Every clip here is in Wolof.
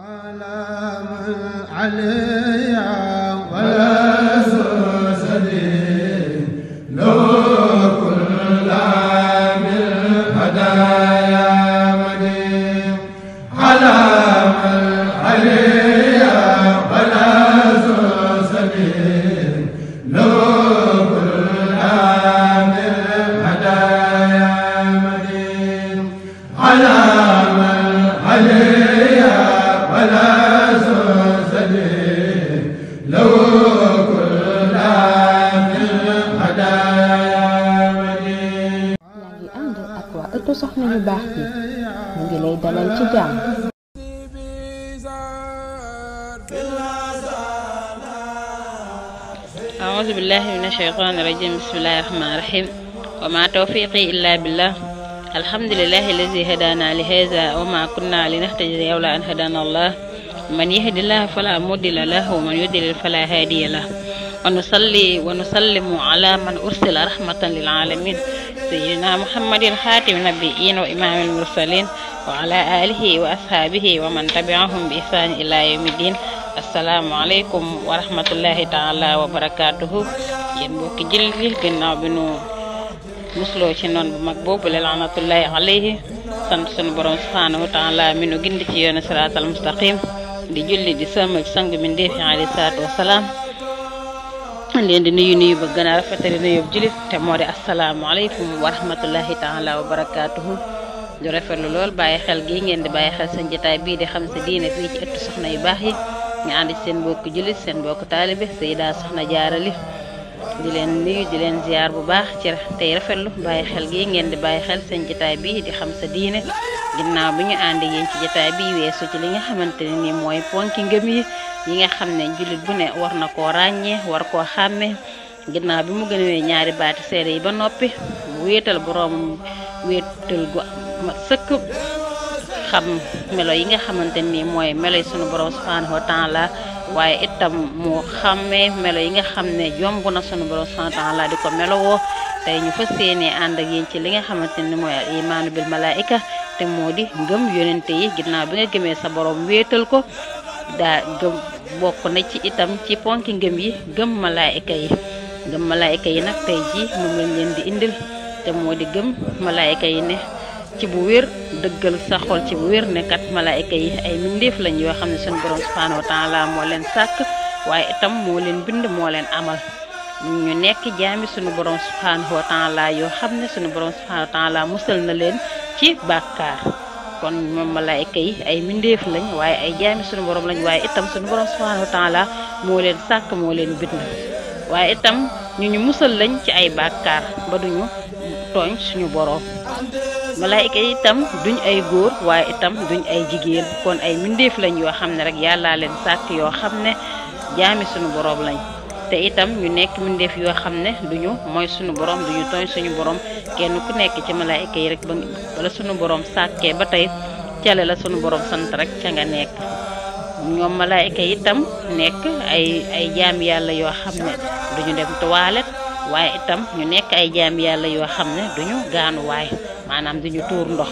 على من علي ولا سوسدي لو كل من هدايا مدي على من علي ولا سوسدي لو كل أعوذ بالله من الشيطان الرجيم بسم الله الرحمن الرحيم وما توفيقي إلا بالله الحمد لله الذي هدانا لهذا وما كنا لنهتدي لولا أن هدانا الله من يهد الله فلا مضل له ومن يضلل فلا هادي له ونصلي ونسلم على من أرسل رحمة للعالمين سيدنا محمد خاتم النبيين وإمام المرسلين وعلى آله وأصحابه ومن تبعهم بإحسان إلى يوم الدين asalaamaaleykum wa rahmatullahi taala wa barakaatuhu yéen mbokki jullit yi ginnaaw bi nu musloo ci noon bu mag boobu la laanatullahi alayhi sant sunu borom subhaanahu taala mi nu gindi ci yoonu siraatal mustaqim di julli di sëmmal sang bi ndeefi alayhi salaatu wasalaam leen di nuyu nuyu ba gën a rafetali nuyu jullit te moo di asalaamaaleykum wa rahmatullahi taala wa barakaatuhu rafet lu lool bàyyi xel gii ngeen di bàyyi xel seen jotaay bii di xam sa diine fii ci ëttu soxna yu baax yi ñu ànd ci seen mbokku jullit seen mbokku taalibe Seyda Soxna Diarra Ly di leen nuyu di leen ziar bu baax ci tey rafetlu bàyyi xel gii ngeen di bàyyi xel seen jotaay bii di xam sa diine. ginnaaw bi ñu yeen ci jotaay bi weesu ci li nga xamanteni ni mooy ponki ngëm yi yi nga xam ne bu ne war na koo ràññee war koo xàmme ginnaw bi mu gënee ñaari baati seere yi ba noppi wéetal borom wéetal gu sëkk xam melo yi nga xamante ni mooy melo sunu borom subhanahu wa taala waaye itam mu xàmmee melo yi nga xam ne na sunu borom subhanahu wa taala di ko melowoo tey ñu fas yéenee ànd ak yéen ci li nga xamante ni mooy al imaanu bil malaika te moo di ngëm yonente yi ginnaaw bi nga gëmee sa borom wéetal ko daa gëm bokk na ci itam ci ponki ngëm yi gëm malaayika yi gëm malaayika nag tey jii moom lañ leen di indil te moo di gëm malaayika yi ne ci bu wér dëggal sa xol ci bu wér ne kat yi ay mbindeef lañ yoo xam ne seen borom subhanahu wa moo leen sàkk waaye itam moo leen bind moo leen amal ñu nekk jaami suñu borom subhanahu wa taala yoo xam ne suñu borom subhanahu wa taala na leen ci bàkkaar kon ñoom malaayka yi ay mbindeef lañ waaye ay jaami suñu borom lañ waaye itam suñu borom subhanahu wa moo leen sàkk moo leen bind waaye itam ñu ñu musal lañ ci ay bàkkaar ba duñu tooñ suñu boroom malaayka yi itam duñ ay góor waaye itam duñ ay jigéen kon ay mbindeef lañ yoo xam ne rek yàlla leen sàkk yoo xam ne jaami suñu boroom lañ te itam ñu nekk mu def yo ne duñu moy sunu borom duñu toy suñu borom kenn ku nekk ci malaika yi rek ba bala sunu borom saké ba tay cale la sunu borom sant rek ci nga nekk malaika yi tam nekk ay ay jaam yalla yo xam duñu dem toilette waye itam ñu nekk ay jaam yalla yo xam duñu gaanu way manam duñu tour ndox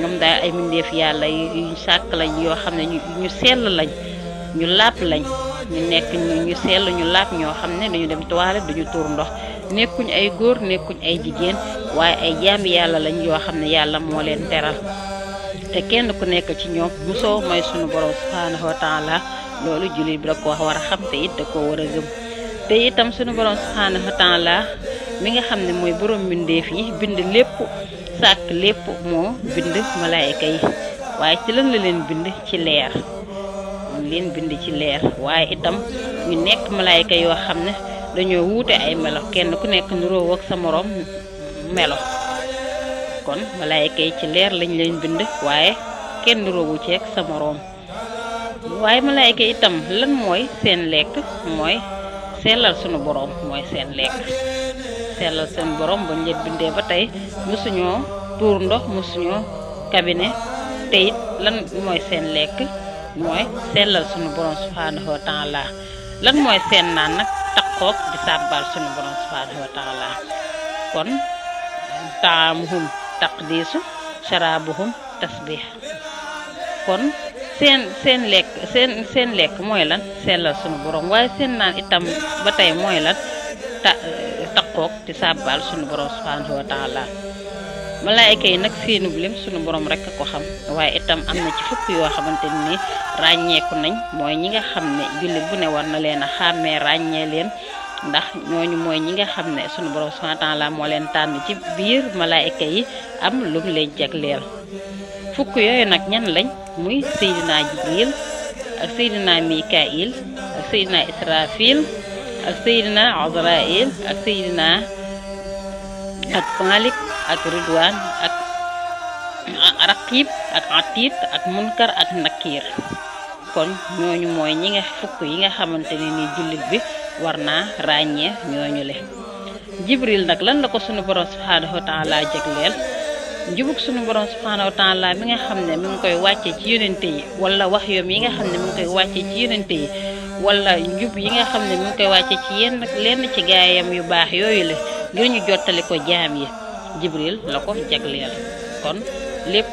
ñom da ay mindeef yalla yu sak lañ yo xam ñu sel lañ ñu lap lañ ñu nekk ñu sell ñu laab ñoo xam ne dañu dem toilette duñu tuur ndox nekkuñu ay góor nekkuñ ay jigéen waaye ay jaami yàlla lañ yoo xam ne yàlla moo leen teral te kenn ku nekk ci ñoom musoo mooy sunu borom subhanahu wa taala loolu jullit bi da ko war a xam te it da ko war a gëm te itam sunu borom subhanahu wa mi nga xam ne mooy boroom mbindeef yi bind lépp sàkk lépp moo bind malaayka yi waaye ci lan la leen bind ci leer leen bind ci leer waaye itam ñu nekk malaayka yoo xam ne dañoo wuute ay melo kenn ku nekk nuroo ak sa moroom melo kon malaayka yi ci leer lañ leen bind waaye kenn nuroowu ci sa moroom waaye malaayka itam lan mooy seen lekk mooy sellal sunu boroom mooy seen lekk sellal seen boroom bañ leen bindee ba tey mosuñoo tuur ndox mosuñoo kabine te lan mooy seen lekk mooy sellal sunu borom subhanahu wa taala lan mooy seen naan nag takkoog di sàbbal sunu borom subhanahu wa taala kon taamuhum taqdiisu sharaabuhum tasbih kon seen seen lekk seen seen lekk mooy lan sellal sunu borom waaye seen naan itam ba tey mooy lan ta takkoog di sàbbal sunu borom subhanahu wa taala malaayka yi seenu seenub lim sunu borom rek ko xam waye itam amna ci fukk yo xamanteni ni ràññeeku nañ moy ñi nga xamne julli bu ne war na leena xamé ragne leen ndax ñoñu moy ñi nga xamne sunu borom subhanahu wa ta'ala leen tan ci biir malaayka yi am mu leen jagleel fukk yooyu nak ñan lañ muy sayyidina jibril ak sayyidina mikail ak sayyidina israfil ak sayyidina azrail ak sayyidina ak malik ak ridwan ak raqib ak atit ak munkar ak nakir kon ñooñu mooy ñi nga fukk yi nga xamanteni ni jullit bi warna rañe ràññee ñooñu le jibril nak lan la ko sunu borom subhanahu wa taala jeglel njubuk sunu borom subhanahu wa taala mi nga xamne mi ngi koy wacce ci yonente yi wala wax yo mi nga xamne mi ngi koy wacce ci yonente yi wala njub yi nga xamne mi ngi koy wacce ci yenn lenn ci gaayam yu bax yoyu le ngir ñu jottali ko jaam yi jibril lako ko kon lepp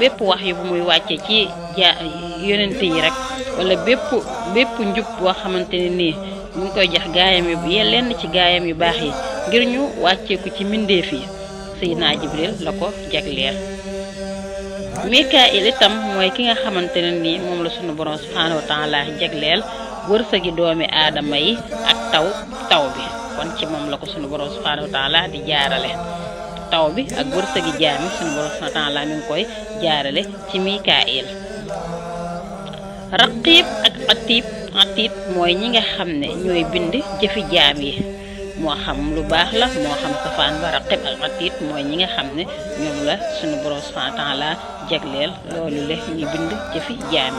bepp wax yu muy wacce ci yonenti yi rek wala bepp bepp njub bo xamanteni ni mu ngi koy jax gayam yu ye ci gayam yu bax yi ngir ñu ku ci minde fi Seydina Jibril la ko jagleel Mikaayil itam moy ki nga xamanteni ni mom la sunu borom subhanahu wa taala jagleel wërsëgi doomi adamay ak taw taw bi kon ci mom la ko sunu borom subhanahu wa taala di jaarale taw bi ak wërsëgi jaam yi sunu borom subhanahu wa taala mi ngi koy jaarale ci mikael raqib ak atib atib moy ñi nga xamne ñoy bind jëfi jaam yi xam lu baax la mo xam safan ba raqib ak atib moy ñi nga xamne la sunu borom subhanahu wa taala jagleel lolu le ñi bind jëfi jaam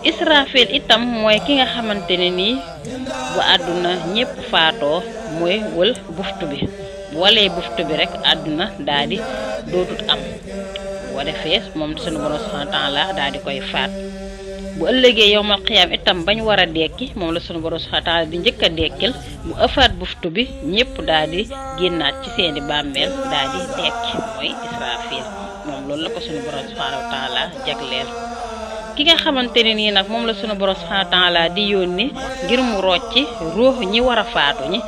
israfil itam moy ki nga ni bu aduna ñepp faato moy wul buftu bi bu buftu bi rek aduna daali dootut am boo defee mom sunu borom subhanahu taala daali koy faat bu ëllëgee yowmal qiyam itam bañ wara dékki mom la sunu borom subhanahu taala di dékkel mu ëfaat buftu bi ñépp daali gennat ci seen bàmmeel daal di dekki israfil mom loolu la ko sunu borom subhanahu taala jagleel ki nga xamante ne nii nag moom la suñu borom subhaanahu wa taala di yónni ngir mu rocci ruux ñi war a faatu ñi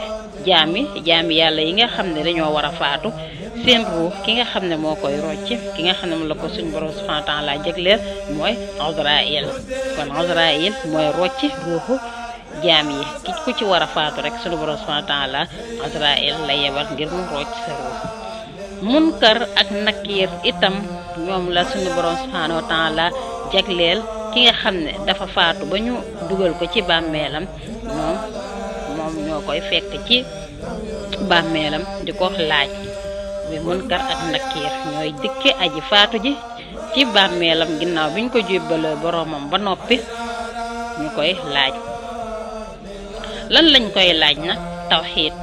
jaami jaami yàlla yi nga xam ne dañoo war a faatu seen ruux ki nga xam ne moo koy rocci ki nga xam ne moom la ko suñu borom subhaanahu wa taala mooy Azraayil kon Azraayil mooy rocci ruuxu jaam yi ki ku ci war a faatu rek sunu borom subhaanahu wa taala Azraayil la yebal ngir mu rocci sa ruux Munkar ak Nakiir itam ñoom la suñu borom subhaanahu wa jagleel ki nga xam ne dafa faatu ba ñu dugal ko ci bàmmeelam moom moom ñoo koy fekk ci bàmmeelam di ko laaj bi munkar ak nakiir ñooy dikk aji faatu ji ci bàmmeelam ginnaaw bi ñu ko jébbalee boroomam ba noppi ñu koy laaj lan lañ koy laaj nag tawxiid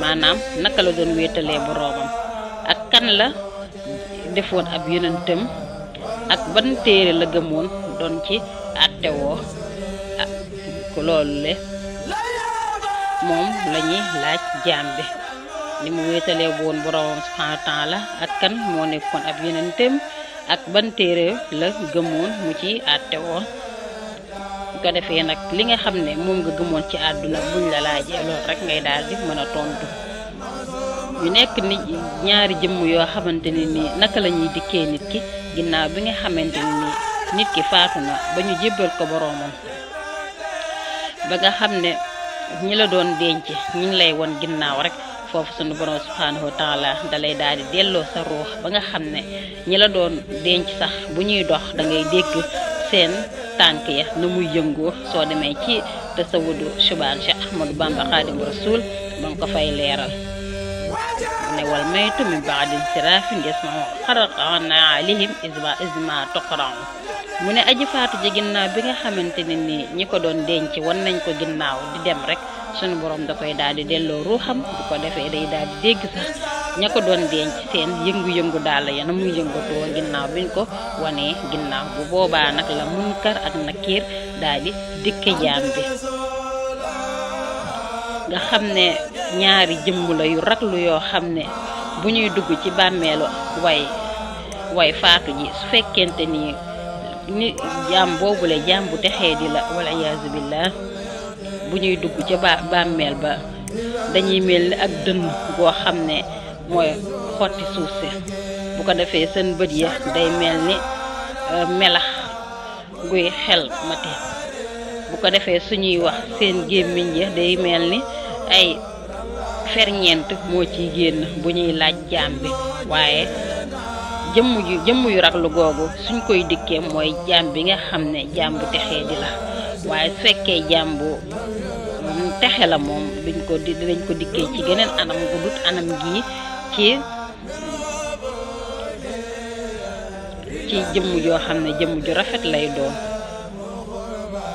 maanaam naka la doon wéetalee boroomam ak kan la defoon ab yonentam ak ban téere la gëmoon doon ci attewoo ah, ko loolu le moom la laaj jaam bi li mu wéetalee boon boromam subhanahu wa ak kan moo nekkoon ab yeneentem ak ban téere la gëmoon mu ci attewoo ko defee nag li nga xam ne moom nga gëmoon ci àdduna buñ la laajee loolu ngay daal di mën a tontu ñu nekk ni ñaari jëmm yoo xamante ne nii naka lañuy dikkee nit ki ginnaaw bi nga xamante ne nii nit ki faatu na ba ñu jébbal ko boroomam ba nga xam ne ñi la doon denc ñi ngi lay won ginnaaw rek foofu sunu borom subhanahu wa taala da lay daal di delloo sa ruux ba nga xam ne ñi la doon denc sax bu ñuy dox dangay ngay dégg seen tànk ya na muy yëngoo soo demee ci tasawudu subaan Cheikh Ahmadou Bamba Xaadimu Rasuul ba nga ko fay leeral wal maytu min baadi sirafin yasmau xaraqana alihim isma isma toqaraan mu ne aji faatu ji ginnaaw bi nga xamante ne ni ñi ko doon denc wan nañ ko ginnaaw di dem rek suñu boroom da koy daal di delloo ruuxam bu ko defee day daal di dégg sax ña ko doon denc seen yëngu-yëngu daal ya mu muy yëngatoo ginnaaw biñ ko wanee ginnaaw bu boobaa nag la munkar ak nakiir daal di dikke bi nga xam ne ñaari jëmm la yu raglu yoo xam ne bu ñuy dugg ci bàmmeelu way way faatu ji su fekkente ni ni jaam boobule jaam bu texee di la wala iyaazu billah bu ñuy dugg ca ba bàmmeel ba dañuy mel ni ak dënn goo xam ne mooy xotti suuf si bu ko defee seen bët ya day mel ni euh, melax guy xel mate bu ko defé suñuy wax seen gemmiñ ya day melni ay ferñent mo ci genn bu ñuy laaj jambi waye waaye ju yu raglu googu suñ koy dikkee moy jambi nga xam jambu texé di la waye su jambu texé la mom duñ ko dañ ko dikkee ci geneen anam gu dut anam gi ci ci jëmm joo xam ne ju rafet lay doon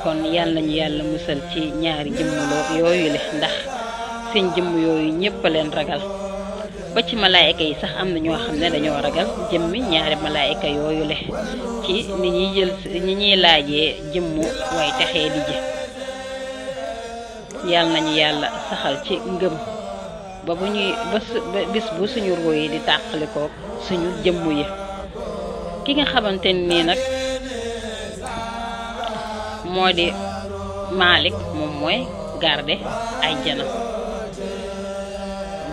kon yalla ñu yalla musal ci ñaari lo yoyu le ndax seen jëm yoyu ñepp leen ragal ba ci malaika yi sax amna na xamne dañu ragal jëm ragal ñaari malaika yoyu le ci ni ñi jël ni ñuy laajee jëmmu way taxé di ji yàlla nañu yalla saxal ci ngëm ba bu ñuy bis bu suñu roy di takaliko suñu jëm yi ki nga xamanteni nak moo moom mooy garder àjjana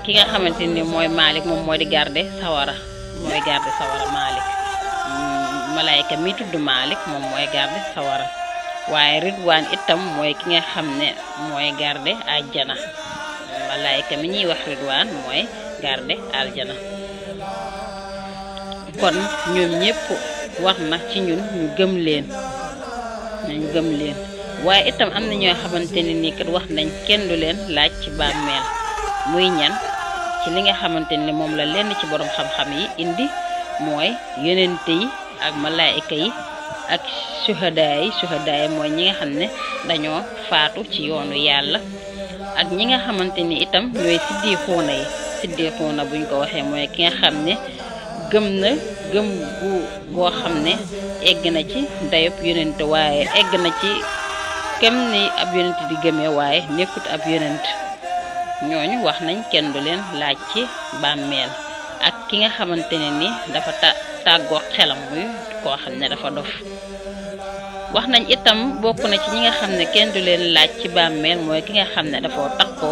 ki nga xamante ni mooy Malick moom moo di garder sawara mooy mm, mi tudd Malick moom mooy garder waaye Ridwaan itam mooy ki xam ne mooy garder àjjana malaayka mi ñuy wax Ridwaan mooy aljana kon ñoom ñëpp wax na ci ñun ñu gëm leen nañ gëm leen waaye itam am na ñoo xamante ni nii kat wax nañ kenn du leen laaj ci bàmmeel muy ñan ci li nga xamante ni moom la lenn ci borom xam-xam yi indi mooy yonente yi ak malaayika yi ak suhadaa yi mooy ñi nga xam ne dañoo faatu ci yoonu yàlla ak ñi nga xamante ni itam ñooy siddiixuuna yi siddiixuuna buñ ko waxee mooy ki nga xam ne gëm na gëm gu bo xamne egg na ci dayob yonent waye egg na ci kem ni ab yonent di gëmee waye nekut ab yonent ñooñu wax nañ kenn du len laaj ci bammel ak ki nga xamantene ni dafa ta xelam muy ko xamne dafa dof wax nañ itam bokku na ci ñi nga xamne kenn du len laaj ci bammel moy ki nga xamne dafa takko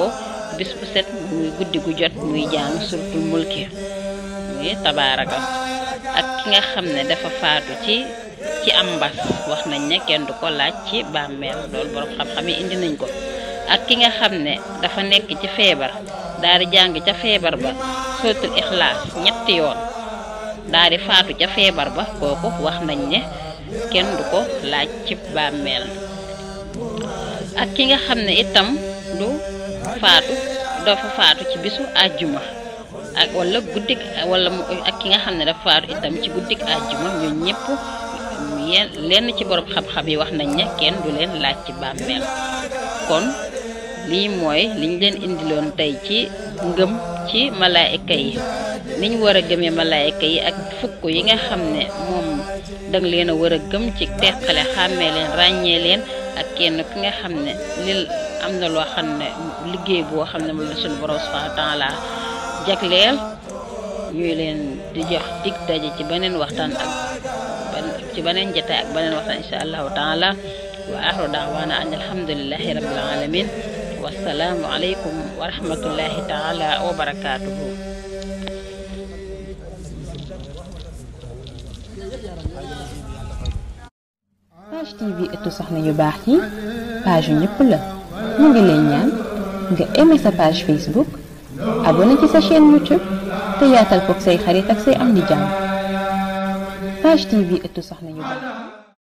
bis bu set muy guddigu jot muy surtout mulki muy tabaraka nga xamne dafa faatu ci ci am mbas wax nañ ne kenn du ko laacc ci bammel lol borom xam-xam yi indi nañ ko ak ki nga xamne dafa nekk ci febar daari jang ci febar ba sotul ikhlas ñetti yoon daari faatu ci febar ba koku wax nañ ne kenn du ko laacc ci bammel ak ki nga xamne itam du faatu dafa faatu ci bisu aljuma ak wala guddik wala ak ki nga xam ne dafa faatu itam ci guddik àjjuma ñoo ñëpp yeen lenn ci boroom xam-xam yi wax nañ ne kenn du leen laaj ci bàmmeel kon lii mooy liñ leen indiloon tey ci ngëm ci malaayika yi niñ war a gëmee malaayika yi ak fukk yi nga xam ne moom danga leen a war a gëm ci teqale xàmmee leen ràññee leen ak kenn ki nga xam ne lil am na loo xam ne liggéey boo xam ne moom la suñu borom subhanahu jagleel ñuy leen di jox dig daje ci beneen waxtaan ak ci beneen jataay ak beneen waxtaan insha allahu taala wa axru daawaana an alhamdulilahi rabbil alamin wassalaamu aleykum wa rahmatullahi taala wa barakaatuhu page tv ëttu soxna yu baax yi page yu ñëpp la mu ngi leen ñaan nga aimé sa page facebook abonné ci sa chaîne YouTube te yaatal koog say xarit ak say am di jàmm Page TV ëttu soxna yu bari